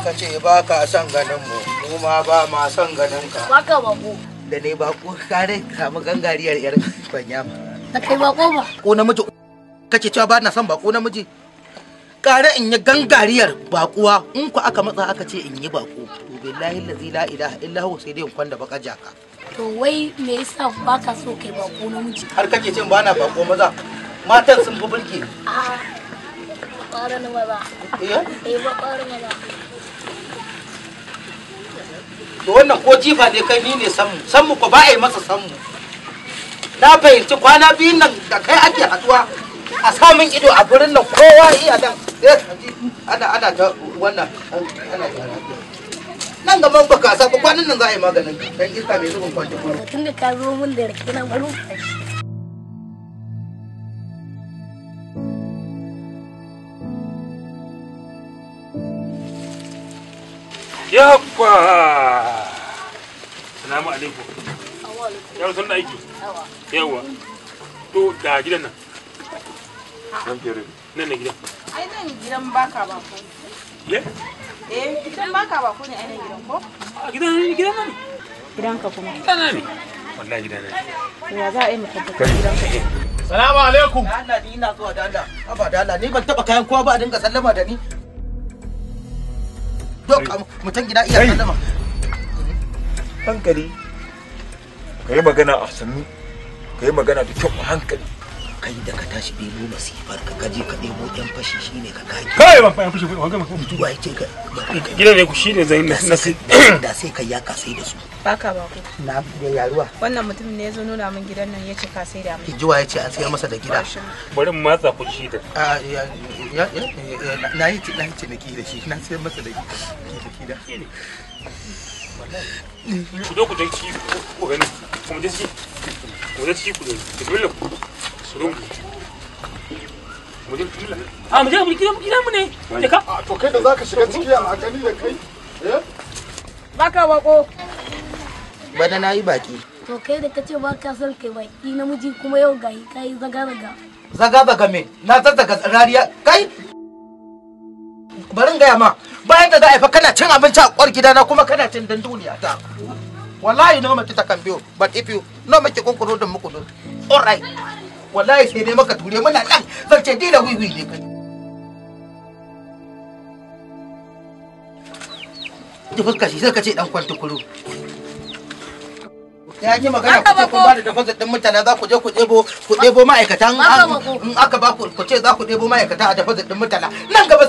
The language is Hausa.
ka ce ba ka son ganin mu mu ma ba ma son ganin ka ba ka babu da ne ba ko kare samu gangariyar yar banya na kai bako ba ko namiji kake cewa ba na son bako namiji kare in yi gangariyar bakuwa in ku aka matsa aka ce in yi bako to billahi la ilaha illa huwa sai dai in kwanda baka jaka to wai me yasa ba ka so kai bako namiji har kake cin bana bako maza matan sun fi bulki a ƙwarar maza eh, eh ba ƙwarar maza da wannan ko jifa ne kai ni ne sanmu sanmu ko ba a yi masa sanmu na fahimci kwana biyun nan da kai ake haduwa a samun ido a gurin nan kowa iya nan ana ana ta wannan ana ta nan gaban ba kasa ba kwanan nan za a yi maganin dan iska mai zubin kwanci kuma tun da ka zo mun da rikina baro yakwa salamu alaikum yau sun da aiki yawa to da gidan nan nan ne gidan ai nan gidan baka ba ko ye eh gidan baka ba ko ne ai nan gidan ko gidan gidan nan gidan ka kuma gidan nan ne wallahi gidan nan ya za a yi mu tabbata gidan ka salamu alaikum Allah ni ina zuwa da Allah haba da Allah ni ban taba kayan kowa ba a dinga sallama da ni mutum gida hankali ka yi magana a sannu ka yi magana da kyau a hankali kai da ka tashi ɗebo masifar ka kaje ka ɗebo ɗan fashi shine ka kage kai ban fayan fashi ba ga mutum tuwa yake ka gidan ne ku shine zai na sai da sai kai ya ka sai da su baka ba ku na da yaruwa wannan mutum ne ya zo nuna min gidan nan ce ka sai da mu jiwa yace an sayar masa da gida bari mu matsa ku shi da a ya ya na yi ci dan ciniki da shi na sayar masa da gida ku zo ku dai ci ku gani kuma dai ci ku dai ci ku dai bismillah a mu je mu gidan gidan mu ne da ka to kai da zaka shiga ciki a gani da kai eh baka bako bada na yi baki to kai da kace ba ka san kai baki namiji kuma yau gayi kai zaga zaga zaga zaga me na zazzaga rariya kai barin gaya ma bayan da za a fa kana cin abinci a kwar gidana kuma kana cin dan duniya ta wallahi no maki ta kan biyo but if you no maki kunkuru da muku all right wallahi sai dai maka ture muna nan zan ce dai wiwi ne kai ji fuska shi sai ka ce dan kwanta kuro ya ji magana ku ba da dafazin din mutane za ku je ku ɗebo ku ɗebo ma'aikatan in aka ba ku ku ce za ku ɗebo ma'aikata a dafazin din mutane nan gaba sai